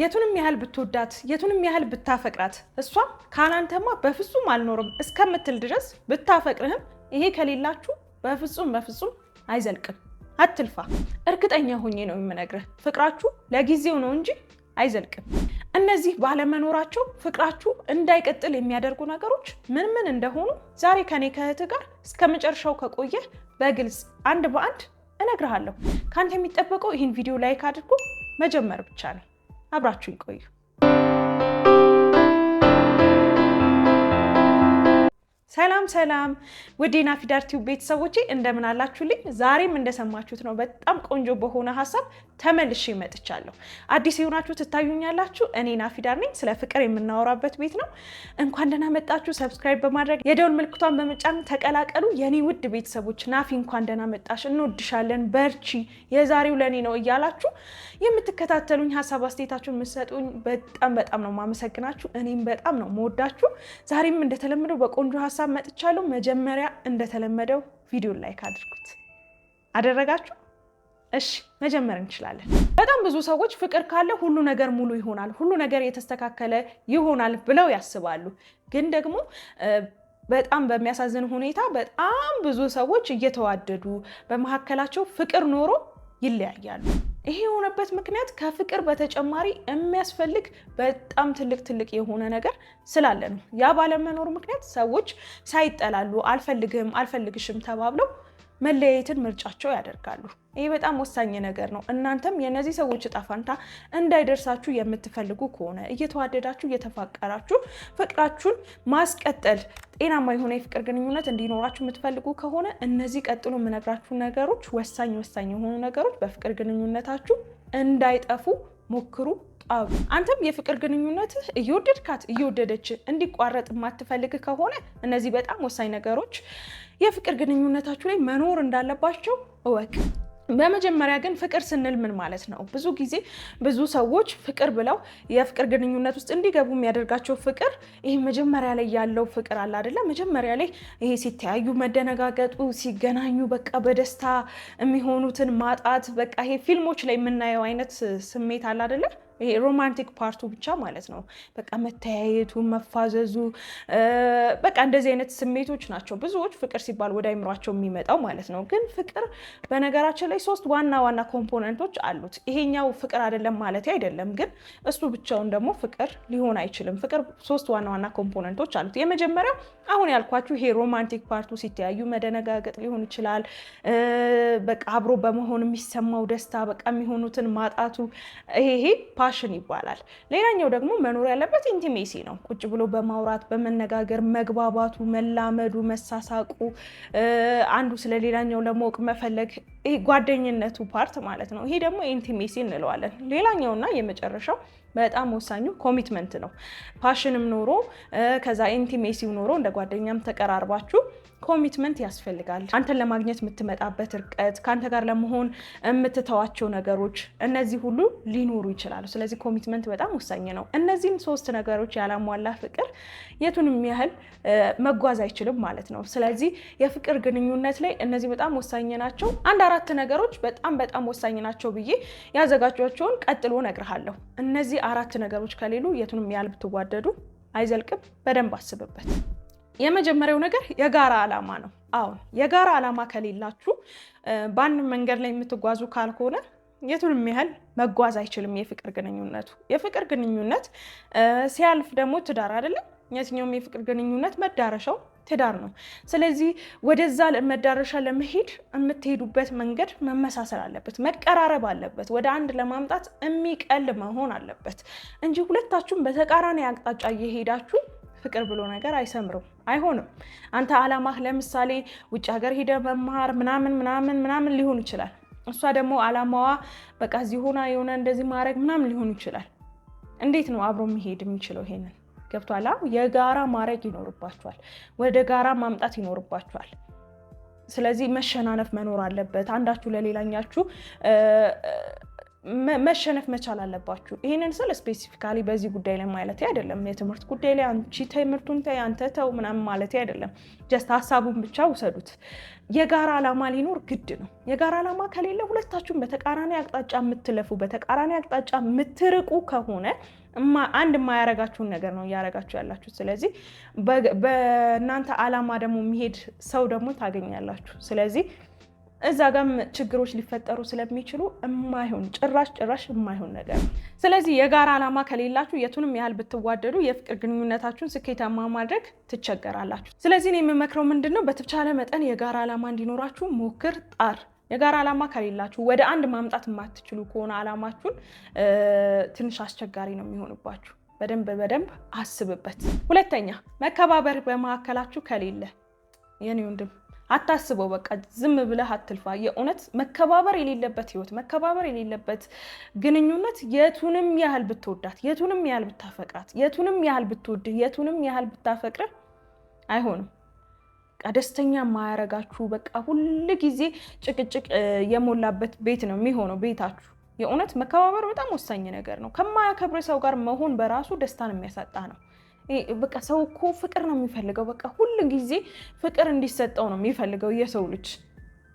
የቱንም ያህል ብትወዳት የቱንም ያህል ብታፈቅራት እሷ ካላንተማ በፍጹም አልኖርም እስከምትል ድረስ ብታፈቅርህም ይሄ ከሌላችሁ በፍጹም በፍጹም አይዘልቅም። አትልፋ። እርግጠኛ ሆኜ ነው የምነግርህ፣ ፍቅራችሁ ለጊዜው ነው እንጂ አይዘልቅም። እነዚህ ባለመኖራቸው ፍቅራችሁ እንዳይቀጥል የሚያደርጉ ነገሮች ምን ምን እንደሆኑ ዛሬ ከኔ ከእህትህ ጋር እስከ መጨረሻው ከቆየህ በግልጽ አንድ በአንድ እነግርሃለሁ። ከአንተ የሚጠበቀው ይህን ቪዲዮ ላይክ አድርጎ መጀመር ብቻ ነው። አብራችሁ ይቆዩ። ሰላም ሰላም ውዴ ናፊዳር ቲዩብ ቤተሰቦቼ እንደምን አላችሁልኝ? ዛሬም እንደሰማችሁት ነው በጣም ቆንጆ በሆነ ሀሳብ ተመልሼ መጥቻለሁ። አዲስ የሆናችሁ ትታዩኛላችሁ። እኔ ናፊዳር ነኝ። ስለ ፍቅር የምናወራበት ቤት ነው። እንኳን ደህና መጣችሁ። ሰብስክራይብ በማድረግ የደውል ምልክቷን በመጫን ተቀላቀሉ። የኔ ውድ ቤተሰቦች ናፊ እንኳን ደህና መጣሽ፣ እንወድሻለን፣ በርቺ፣ የዛሬው ለእኔ ነው እያላችሁ የምትከታተሉኝ ሀሳብ አስተያየታችሁን የምትሰጡኝ በጣም በጣም ነው ማመሰግናችሁ። እኔም በጣም ነው መወዳችሁ። ዛሬም እንደተለመደው በቆንጆ ሀሳብ ሀሳብ መጥቻለሁ። መጀመሪያ እንደተለመደው ቪዲዮ ላይክ አድርጉት። አደረጋችሁ? እሺ መጀመር እንችላለን። በጣም ብዙ ሰዎች ፍቅር ካለ ሁሉ ነገር ሙሉ ይሆናል፣ ሁሉ ነገር የተስተካከለ ይሆናል ብለው ያስባሉ። ግን ደግሞ በጣም በሚያሳዝን ሁኔታ በጣም ብዙ ሰዎች እየተዋደዱ በመካከላቸው ፍቅር ኖሮ ይለያያሉ። ይሄ የሆነበት ምክንያት ከፍቅር በተጨማሪ የሚያስፈልግ በጣም ትልቅ ትልቅ የሆነ ነገር ስላለ ነው። ያ ባለመኖር ምክንያት ሰዎች ሳይጠላሉ አልፈልግም፣ አልፈልግሽም ተባብለው መለያየትን ምርጫቸው ያደርጋሉ። ይህ በጣም ወሳኝ ነገር ነው። እናንተም የእነዚህ ሰዎች እጣ ፈንታ እንዳይደርሳችሁ የምትፈልጉ ከሆነ እየተዋደዳችሁ እየተፋቀራችሁ ፍቅራችሁን ማስቀጠል ጤናማ የሆነ የፍቅር ግንኙነት እንዲኖራችሁ የምትፈልጉ ከሆነ እነዚህ ቀጥሎ የምነግራችሁ ነገሮች ወሳኝ ወሳኝ የሆኑ ነገሮች በፍቅር ግንኙነታችሁ እንዳይጠፉ ሞክሩ። አንተም የፍቅር ግንኙነትህ እየወደድካት እየወደደች እንዲቋረጥ የማትፈልግ ከሆነ እነዚህ በጣም ወሳኝ ነገሮች የፍቅር ግንኙነታችሁ ላይ መኖር እንዳለባቸው እወቅ። በመጀመሪያ ግን ፍቅር ስንል ምን ማለት ነው? ብዙ ጊዜ ብዙ ሰዎች ፍቅር ብለው የፍቅር ግንኙነት ውስጥ እንዲገቡ የሚያደርጋቸው ፍቅር ይሄ መጀመሪያ ላይ ያለው ፍቅር አለ አይደለ? መጀመሪያ ላይ ይሄ ሲተያዩ መደነጋገጡ፣ ሲገናኙ በቃ በደስታ የሚሆኑትን ማጣት፣ በቃ ይሄ ፊልሞች ላይ የምናየው አይነት ስሜት አለ አይደለ? ይሄ ሮማንቲክ ፓርቱ ብቻ ማለት ነው። በቃ መተያየቱ፣ መፋዘዙ በቃ እንደዚህ አይነት ስሜቶች ናቸው ብዙዎች ፍቅር ሲባል ወደ አይምሯቸው የሚመጣው ማለት ነው። ግን ፍቅር በነገራችን ላይ ሶስት ዋና ዋና ኮምፖነንቶች አሉት። ይሄኛው ፍቅር አይደለም ማለት አይደለም፣ ግን እሱ ብቻውን ደግሞ ፍቅር ሊሆን አይችልም። ፍቅር ሶስት ዋና ዋና ኮምፖነንቶች አሉት። የመጀመሪያው አሁን ያልኳችሁ ይሄ ሮማንቲክ ፓርቱ ሲተያዩ መደነጋገጥ ሊሆን ይችላል። በቃ አብሮ በመሆን የሚሰማው ደስታ፣ በቃ የሚሆኑትን ማጣቱ ይሄ ፋሽን ይባላል። ሌላኛው ደግሞ መኖር ያለበት ኢንቲሜሲ ነው። ቁጭ ብሎ በማውራት በመነጋገር መግባባቱ፣ መላመዱ፣ መሳሳቁ፣ አንዱ ስለ ሌላኛው ለማወቅ መፈለግ ይሄ ጓደኝነቱ ፓርት ማለት ነው። ይሄ ደግሞ ኢንቲሜሲ እንለዋለን። ሌላኛውና የመጨረሻው በጣም ወሳኙ ኮሚትመንት ነው። ፓሽንም ኖሮ ከዛ ኢንቲሜሲው ኖሮ እንደ ጓደኛም ተቀራርባችሁ ኮሚትመንት ያስፈልጋል። አንተን ለማግኘት የምትመጣበት እርቀት፣ ከአንተ ጋር ለመሆን የምትተዋቸው ነገሮች፣ እነዚህ ሁሉ ሊኖሩ ይችላሉ። ስለዚህ ኮሚትመንት በጣም ወሳኝ ነው። እነዚህን ሶስት ነገሮች ያላሟላ ፍቅር የቱንም ያህል መጓዝ አይችልም ማለት ነው። ስለዚህ የፍቅር ግንኙነት ላይ እነዚህ በጣም ወሳኝ ናቸው። አንድ አራት ነገሮች በጣም በጣም ወሳኝ ናቸው ብዬ ያዘጋጇቸውን ቀጥሎ ነግርሃለሁ። እነዚህ አራት ነገሮች ከሌሉ የቱንም ያህል ብትዋደዱ አይዘልቅም። በደንብ አስብበት። የመጀመሪያው ነገር የጋራ ዓላማ ነው። አሁን የጋራ ዓላማ ከሌላችሁ በአንድ መንገድ ላይ የምትጓዙ ካልሆነ የቱንም ያህል መጓዝ አይችልም የፍቅር ግንኙነቱ። የፍቅር ግንኙነት ሲያልፍ ደግሞ ትዳር አይደለም። የትኛውም የፍቅር ግንኙነት መዳረሻው ትዳር ነው። ስለዚህ ወደዛ መዳረሻ ለመሄድ የምትሄዱበት መንገድ መመሳሰል አለበት፣ መቀራረብ አለበት፣ ወደ አንድ ለማምጣት የሚቀል መሆን አለበት እንጂ ሁለታችሁም በተቃራኒ አቅጣጫ እየሄዳችሁ ፍቅር ብሎ ነገር አይሰምርም፣ አይሆንም። አንተ አላማህ ለምሳሌ ውጭ ሀገር ሂደ መማር ምናምን ምናምን ምናምን ሊሆን ይችላል። እሷ ደግሞ አላማዋ በቃ እዚህ ሆና የሆነ እንደዚህ ማድረግ ምናምን ሊሆን ይችላል። እንዴት ነው አብሮ መሄድ የሚችለው? ይሄንን ገብቷላ? የጋራ ማድረግ ይኖርባቸዋል ወደ ጋራ ማምጣት ይኖርባቸዋል። ስለዚህ መሸናነፍ መኖር አለበት። አንዳችሁ ለሌላኛችሁ መሸነፍ መቻል አለባችሁ። ይህንን ስል ስፔሲፊካሊ በዚህ ጉዳይ ላይ ማለት አይደለም። የትምህርት ጉዳይ ላይ አንቺ ትምህርቱን ተይ አንተ ተው ምናምን ማለት አይደለም። ጀስት ሀሳቡን ብቻ ውሰዱት። የጋራ ዓላማ ሊኖር ግድ ነው። የጋራ ዓላማ ከሌለ ሁለታችሁም በተቃራኒ አቅጣጫ የምትለፉ በተቃራኒ አቅጣጫ የምትርቁ ከሆነ አንድ የማያረጋችሁን ነገር ነው እያረጋችሁ ያላችሁ። ስለዚህ በእናንተ ዓላማ ደግሞ የሚሄድ ሰው ደግሞ ታገኛላችሁ። ስለዚህ እዛ ጋም ችግሮች ሊፈጠሩ ስለሚችሉ የማይሆን ጭራሽ ጭራሽ የማይሆን ነገር። ስለዚህ የጋራ ዓላማ ከሌላችሁ የቱንም ያህል ብትዋደዱ የፍቅር ግንኙነታችሁን ስኬታማ ማድረግ ትቸገራላችሁ። ስለዚህ እኔ የምመክረው ምንድን ነው፣ በተቻለ መጠን የጋራ ዓላማ እንዲኖራችሁ ሞክር፣ ጣር። የጋራ ዓላማ ከሌላችሁ ወደ አንድ ማምጣት የማትችሉ ከሆነ ዓላማችሁን ትንሽ አስቸጋሪ ነው የሚሆንባችሁ። በደንብ በደንብ አስብበት። ሁለተኛ መከባበር በመካከላችሁ ከሌለ የኔ ወንድም አታስበው። በቃ ዝም ብለህ አትልፋ። የእውነት መከባበር የሌለበት ህይወት፣ መከባበር የሌለበት ግንኙነት የቱንም ያህል ብትወዳት፣ የቱንም ያህል ብታፈቅራት፣ የቱንም ያህል ብትወድህ፣ የቱንም ያህል ብታፈቅርህ አይሆንም። ደስተኛ ማያረጋችሁ በቃ ሁል ጊዜ ጭቅጭቅ የሞላበት ቤት ነው የሚሆነው ቤታችሁ። የእውነት መከባበር በጣም ወሳኝ ነገር ነው። ከማያከብር ሰው ጋር መሆን በራሱ ደስታን የሚያሳጣ ነው። በቃ ሰው እኮ ፍቅር ነው የሚፈልገው። በቃ ሁሉ ጊዜ ፍቅር እንዲሰጠው ነው የሚፈልገው የሰው ልጅ።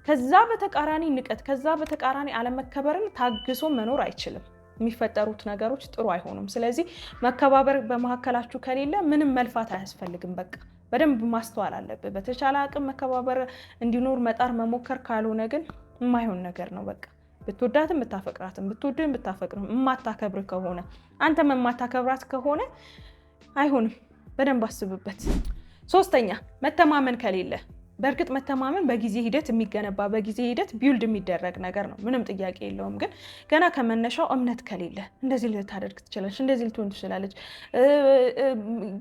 ከዛ በተቃራኒ ንቀት፣ ከዛ በተቃራኒ አለመከበርን ታግሶ መኖር አይችልም። የሚፈጠሩት ነገሮች ጥሩ አይሆኑም። ስለዚህ መከባበር በመካከላችሁ ከሌለ ምንም መልፋት አያስፈልግም። በቃ በደንብ ማስተዋል አለብህ። በተቻለ አቅም መከባበር እንዲኖር መጣር መሞከር፣ ካልሆነ ግን የማይሆን ነገር ነው። በቃ ብትወዳትም ብታፈቅራትም ብትወድም ብታፈቅርም የማታከብር ከሆነ አንተም የማታከብራት ከሆነ አይሆንም። በደንብ አስብበት። ሶስተኛ መተማመን ከሌለ በእርግጥ መተማመን በጊዜ ሂደት የሚገነባ በጊዜ ሂደት ቢውልድ የሚደረግ ነገር ነው፣ ምንም ጥያቄ የለውም። ግን ገና ከመነሻው እምነት ከሌለ እንደዚህ ልታደርግ ትችላለች፣ እንደዚህ ልትሆን ትችላለች፣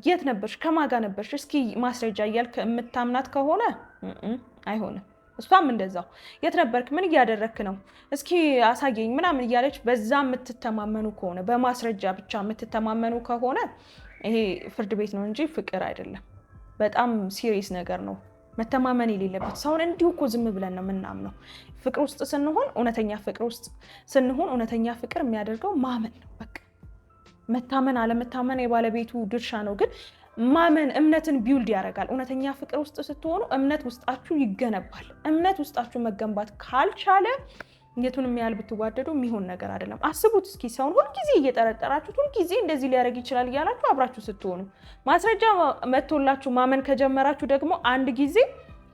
የት ነበርሽ፣ ከማጋ ነበርሽ፣ እስኪ ማስረጃ እያልክ የምታምናት ከሆነ አይሆንም። እሷም እንደዛው የት ነበርክ፣ ምን እያደረክ ነው፣ እስኪ አሳየኝ ምናምን እያለች በዛ የምትተማመኑ ከሆነ በማስረጃ ብቻ የምትተማመኑ ከሆነ ይሄ ፍርድ ቤት ነው እንጂ ፍቅር አይደለም። በጣም ሲሪየስ ነገር ነው። መተማመን የሌለበት ሰውን እንዲሁ እኮ ዝም ብለን ነው የምናምነው። ፍቅር ውስጥ ስንሆን እውነተኛ ፍቅር ውስጥ ስንሆን እውነተኛ ፍቅር የሚያደርገው ማመን ነው። በቃ መታመን አለመታመን የባለቤቱ ድርሻ ነው፣ ግን ማመን እምነትን ቢውልድ ያደርጋል። እውነተኛ ፍቅር ውስጥ ስትሆኑ እምነት ውስጣችሁ ይገነባል። እምነት ውስጣችሁ መገንባት ካልቻለ የቱንም ያህል ብትዋደዱ የሚሆን ነገር አይደለም። አስቡት እስኪ ሰውን ሁልጊዜ እየጠረጠራችሁት ሁልጊዜ እንደዚህ ሊያደርግ ይችላል እያላችሁ አብራችሁ ስትሆኑ ማስረጃ መጥቶላችሁ ማመን ከጀመራችሁ ደግሞ አንድ ጊዜ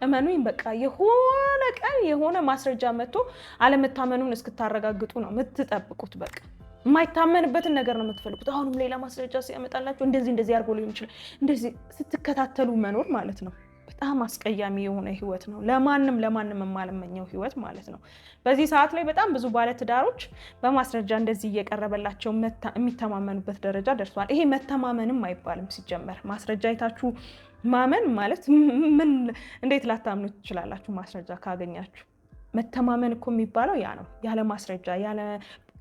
እመኑኝ በቃ የሆነ ቀን የሆነ ማስረጃ መጥቶ አለመታመኑን እስክታረጋግጡ ነው የምትጠብቁት። በቃ የማይታመንበትን ነገር ነው የምትፈልጉት። አሁንም ሌላ ማስረጃ ሲያመጣላችሁ እንደዚህ እንደዚህ አድርጎ ሊሆን ይችላል እንደዚህ ስትከታተሉ መኖር ማለት ነው። በጣም አስቀያሚ የሆነ ህይወት ነው። ለማንም ለማንም የማልመኘው ህይወት ማለት ነው። በዚህ ሰዓት ላይ በጣም ብዙ ባለትዳሮች በማስረጃ እንደዚህ እየቀረበላቸው የሚተማመኑበት ደረጃ ደርሷል። ይሄ መተማመንም አይባልም ሲጀመር። ማስረጃ አይታችሁ ማመን ማለት ምን? እንዴት ላታምኑ ትችላላችሁ? ማስረጃ ካገኛችሁ። መተማመን እኮ የሚባለው ያ ነው። ያለ ማስረጃ ያለ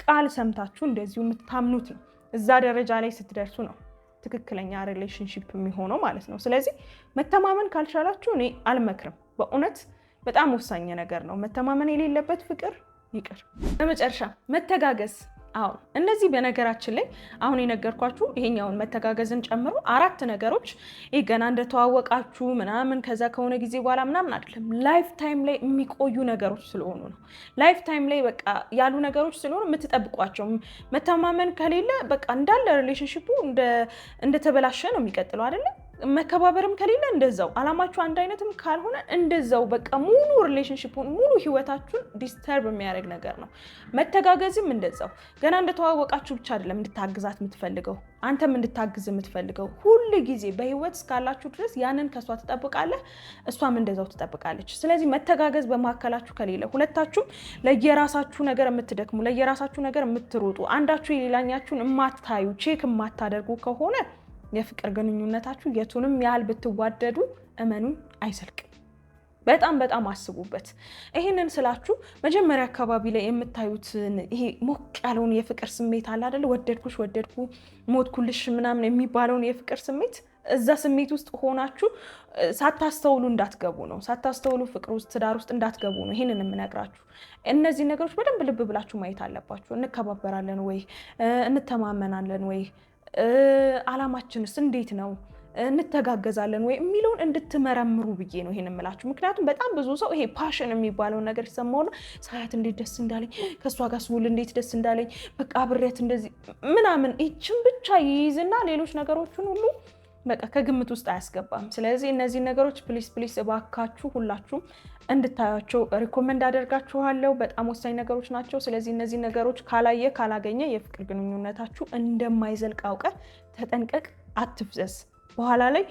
ቃል ሰምታችሁ እንደዚሁ የምታምኑት ነው። እዛ ደረጃ ላይ ስትደርሱ ነው ትክክለኛ ሪሌሽንሽፕ የሚሆነው ማለት ነው። ስለዚህ መተማመን ካልቻላችሁ እኔ አልመክርም። በእውነት በጣም ወሳኝ ነገር ነው። መተማመን የሌለበት ፍቅር ይቅር። በመጨረሻ መተጋገዝ አዎ እነዚህ በነገራችን ላይ አሁን የነገርኳችሁ ይሄኛውን መተጋገዝን ጨምሮ አራት ነገሮች ይህ ገና እንደተዋወቃችሁ ምናምን ከዛ ከሆነ ጊዜ በኋላ ምናምን አይደለም። ላይፍ ታይም ላይ የሚቆዩ ነገሮች ስለሆኑ ነው። ላይፍ ታይም ላይ በቃ ያሉ ነገሮች ስለሆኑ የምትጠብቋቸው መተማመን ከሌለ በቃ እንዳለ ሪሌሽንሽፑ እንደተበላሸ ነው የሚቀጥለው አይደለም። መከባበርም ከሌለ እንደዛው፣ አላማችሁ አንድ አይነትም ካልሆነ እንደዛው በቃ ሙሉ ሪሌሽንሽፑን ሙሉ ህይወታችሁን ዲስተርብ የሚያደርግ ነገር ነው። መተጋገዝም እንደዛው ገና እንደተዋወቃችሁ ብቻ አይደለም እንድታግዛት የምትፈልገው አንተም እንድታግዝ የምትፈልገው ሁል ጊዜ በህይወት እስካላችሁ ድረስ ያንን ከእሷ ትጠብቃለህ፣ እሷም እንደዛው ትጠብቃለች። ስለዚህ መተጋገዝ በመካከላችሁ ከሌለ ሁለታችሁም ለየራሳችሁ ነገር የምትደክሙ ለየራሳችሁ ነገር የምትሮጡ አንዳችሁ የሌላኛችሁን የማታዩ ቼክ የማታደርጉ ከሆነ የፍቅር ግንኙነታችሁ የቱንም ያህል ብትዋደዱ እመኑን አይዘልቅም። በጣም በጣም አስቡበት። ይህንን ስላችሁ መጀመሪያ አካባቢ ላይ የምታዩትን ይሄ ሞቅ ያለውን የፍቅር ስሜት አለ አይደል? ወደድኩሽ፣ ወደድኩ፣ ሞትኩልሽ ምናምን የሚባለውን የፍቅር ስሜት እዛ ስሜት ውስጥ ሆናችሁ ሳታስተውሉ እንዳትገቡ ነው። ሳታስተውሉ ፍቅር ውስጥ ትዳር ውስጥ እንዳትገቡ ነው ይህንን የምነግራችሁ። እነዚህ ነገሮች በደንብ ልብ ብላችሁ ማየት አለባችሁ። እንከባበራለን ወይ? እንተማመናለን ወይ? አላማችንስ እንዴት ነው እንተጋገዛለን ወይ የሚለውን እንድትመረምሩ ብዬ ነው ይሄን የምላችሁ። ምክንያቱም በጣም ብዙ ሰው ይሄ ፓሽን የሚባለውን ነገር ሲሰማውና ሳያት እንዴት ደስ እንዳለኝ፣ ከእሷ ጋር ስውል እንዴት ደስ እንዳለኝ፣ በቃ አብሬያት እንደዚህ ምናምን ይችን ብቻ ይይዝና ሌሎች ነገሮችን ሁሉ በቃ ከግምት ውስጥ አያስገባም። ስለዚህ እነዚህ ነገሮች ፕሊስ ፕሊስ እባካችሁ ሁላችሁም እንድታያቸው ሪኮመንድ አደርጋችኋለሁ። በጣም ወሳኝ ነገሮች ናቸው። ስለዚህ እነዚህ ነገሮች ካላየ ካላገኘ የፍቅር ግንኙነታችሁ እንደማይዘልቅ አውቀ ተጠንቀቅ፣ አትፍዘዝ። በኋላ ላይ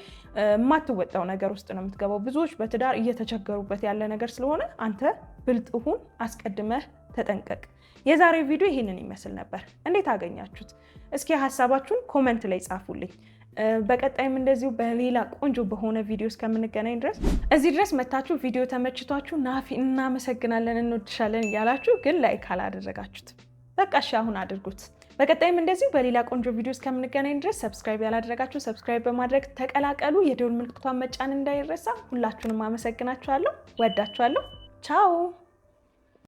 የማትወጣው ነገር ውስጥ ነው የምትገባው። ብዙዎች በትዳር እየተቸገሩበት ያለ ነገር ስለሆነ አንተ ብልጥሁን አስቀድመህ ተጠንቀቅ። የዛሬ ቪዲዮ ይህንን ይመስል ነበር። እንዴት አገኛችሁት? እስኪ ሀሳባችሁን ኮመንት ላይ ጻፉልኝ። በቀጣይም እንደዚሁ በሌላ ቆንጆ በሆነ ቪዲዮ እስከምንገናኝ ድረስ እዚህ ድረስ መታችሁ ቪዲዮ ተመችቷችሁ ናፊ እናመሰግናለን እንወድሻለን እያላችሁ ግን ላይክ አላደረጋችሁት በቃ እሺ አሁን አድርጉት። በቀጣይም እንደዚሁ በሌላ ቆንጆ ቪዲዮ እስከምንገናኝ ድረስ ሰብስክራይብ ያላደረጋችሁ ሰብስክራይብ በማድረግ ተቀላቀሉ። የደውል ምልክቷን መጫን እንዳይረሳ። ሁላችሁንም አመሰግናችኋለሁ። ወዳችኋለሁ። ቻው